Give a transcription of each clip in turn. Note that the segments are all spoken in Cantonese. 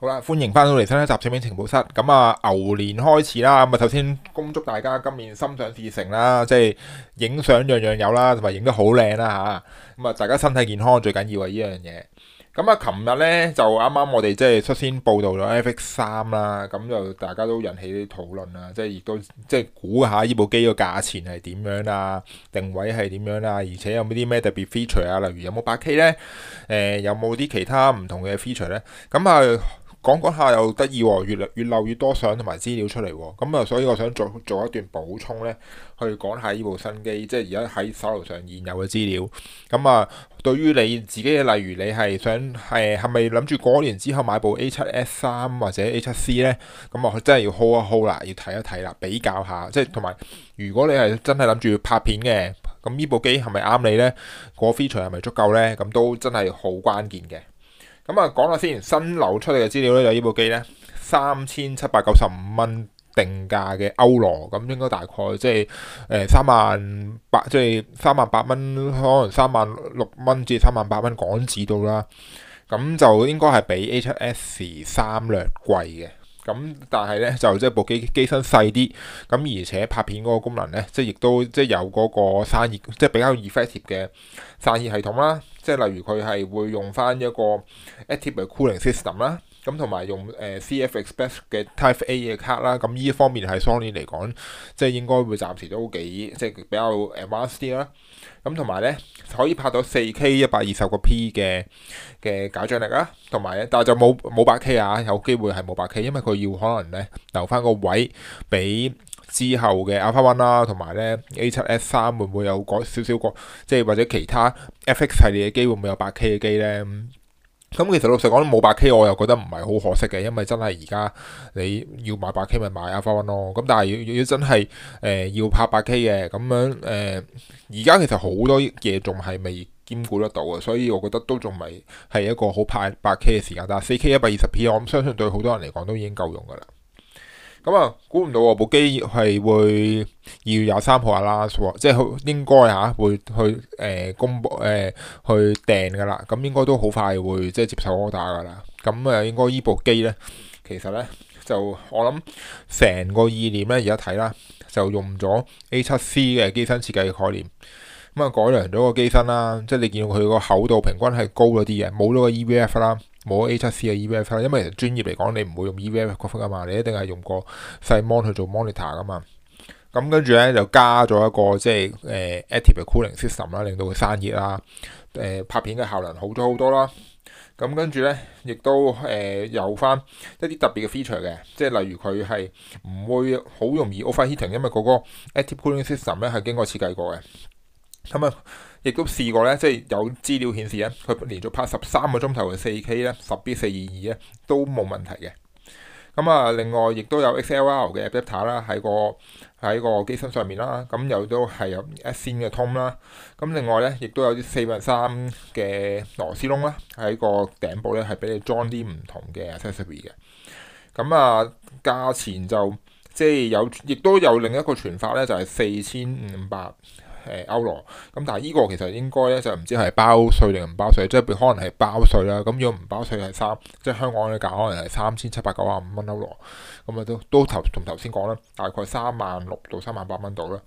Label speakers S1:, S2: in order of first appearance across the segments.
S1: 好啦，歡迎翻到嚟新一集攝影情報室。咁啊，牛年開始啦，咁啊，首先恭祝大家今年心想事成啦，即係影相樣樣有啦，同埋影得好靚啦吓。咁啊，大家身體健康最緊要啊呢樣嘢。咁啊，琴日咧就啱啱我哋即係率先報道咗 FX3 啦，咁就大家都引起啲討論啊，即係亦都即係估下呢部機個價錢係點樣啊，定位係點樣啊，而且有冇啲咩特別 feature 啊？例如有冇 8K 咧？誒，有冇啲其他唔同嘅 feature 咧？咁啊～講講下又得意喎，越嚟越漏越多相同埋資料出嚟喎，咁啊，所以我想做做一段補充咧，去講下呢部新機，即係而家喺手路上現有嘅資料。咁啊，對於你自己嘅，例如你係想，誒係咪諗住過年之後買部 A 七 S 三或者 A 七 C 咧？咁啊，真係要 hold 一 hold 啦，要睇一睇啦，比較下，即係同埋如果你係真係諗住拍片嘅，咁呢部機係咪啱你咧？個 feature 係咪足夠咧？咁都真係好關鍵嘅。咁啊，講下先，新流出嚟嘅資料咧，就呢部機咧，三千七百九十五蚊定價嘅歐羅，咁應該大概即係誒三萬八，即係三萬八蚊，可能三萬六蚊至三萬八蚊港紙度啦。咁就應該係比 A7S 三略貴嘅。咁但係咧，就即係部機機身細啲，咁而且拍片嗰個功能咧，即係亦都即係有嗰個散熱，即係比較 effective 嘅散熱系統啦。即係例如佢係會用翻一個 Active Cooling System 啦，咁同埋用誒 CF Express 嘅 Type A 嘅卡啦，咁呢方面係 Sony 嚟講，即係應該會暫時都幾即係比較 advanced 啲啦。咁同埋咧可以拍到四 K 一百二十個 P 嘅嘅解像力啦，同埋咧但係就冇冇八 K 啊，有機會係冇八 K，因為佢要可能咧留翻個位俾。之後嘅 Alpha One 啦，同埋咧 A 七 S 三會唔會有改少少個？即係或者其他 FX 系列嘅機會唔會有 8K 嘅機咧？咁、嗯、其實老實講，都冇 8K 我又覺得唔係好可惜嘅，因為真係而家你要買 8K 咪買 Alpha One 咯。咁但係要要真係誒、呃、要拍 8K 嘅咁樣誒，而、呃、家其實好多嘢仲係未兼顧得到嘅，所以我覺得都仲未係一個好拍 8K 嘅時間。但係 4K 一百二十 P，我諗相信對好多人嚟講都已經夠用噶啦。咁啊，估唔到部機係會二月廿三號啊啦，即係應該嚇會去誒、呃、公布、呃、去訂噶啦，咁應該都好快會即係接受 order 噶啦。咁啊，應該部呢部機咧，其實咧就我諗成個意念咧而家睇啦，就用咗 A7C 嘅機身設計概念，咁啊改良咗個機身啦，即係你見到佢個厚度平均係高咗啲嘅，冇咗個 EVF 啦。冇 A 七 C 嘅 EVF 啦，e、F，因為其實專業嚟講，你唔會用 EVF 光復啊嘛，你一定係用個細 mon 去做 monitor 㗎嘛。咁跟住咧就加咗一個即係誒、呃、active 嘅 cooling system 啦，令到佢散熱啦，誒、呃、拍片嘅效能好咗好多啦。咁跟住咧亦都誒有返一啲特別嘅 feature 嘅，即係例如佢係唔會好容易 overheating，因為嗰個 active cooling system 咧係經過設計過嘅。睇下。亦都試過咧，即係有資料顯示咧，佢連續拍十三個鐘頭嘅四 K 咧，十 B 四二二咧都冇問題嘅。咁啊，另外亦都有 XLR 嘅 adapter 啦，喺個喺個機身上面啦，咁又都係有一線嘅通啦。咁另外咧，亦都有啲四分三嘅螺絲窿啦，喺個頂部咧係俾你裝啲唔同嘅 accessory 嘅。咁啊，價錢就即係有，亦都有另一個傳法咧，就係四千五百，誒、欸、歐羅咁，但係依個其實應該咧就唔知係包稅定唔包稅，即係可能係包稅啦。咁如果唔包稅係三，即係香港嘅價可能係三千七百九啊五蚊歐羅。咁啊都都頭同頭先講啦，大概三萬六到三萬八蚊度啦。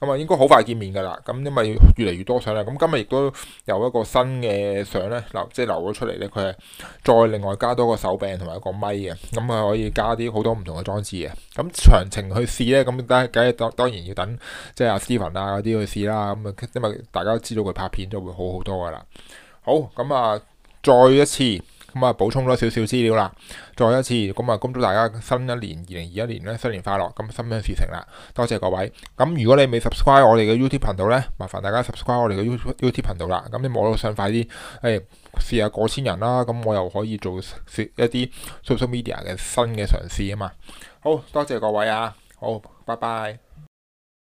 S1: 咁啊應該好快見面㗎啦。咁因為越嚟越多相啦。咁今日亦都有一個新嘅相咧，嗱，即係留咗出嚟咧，佢係再另外加多個手柄同埋一個咪嘅，咁啊可以加啲好多唔同嘅裝置嘅。咁長情去試咧，咁得，梗係當然要等，即係阿斯 t 啊嗰啲去。啦咁啊，因為大家都知道佢拍片就會好好多噶啦。好咁啊，再一次咁啊，補充多少少資料啦。再一次咁啊，恭祝大家新一年二零二一年咧新年快樂。咁心想事成啦，多謝各位。咁如果你未 subscribe 我哋嘅 YouTube 頻道咧，麻煩大家 subscribe 我哋嘅 YouTube YouTube 頻道啦。咁你望到上快啲，誒，試下過千人啦。咁我又可以做一啲 social media 嘅新嘅嘗試啊嘛。好多謝各位啊，好，拜拜。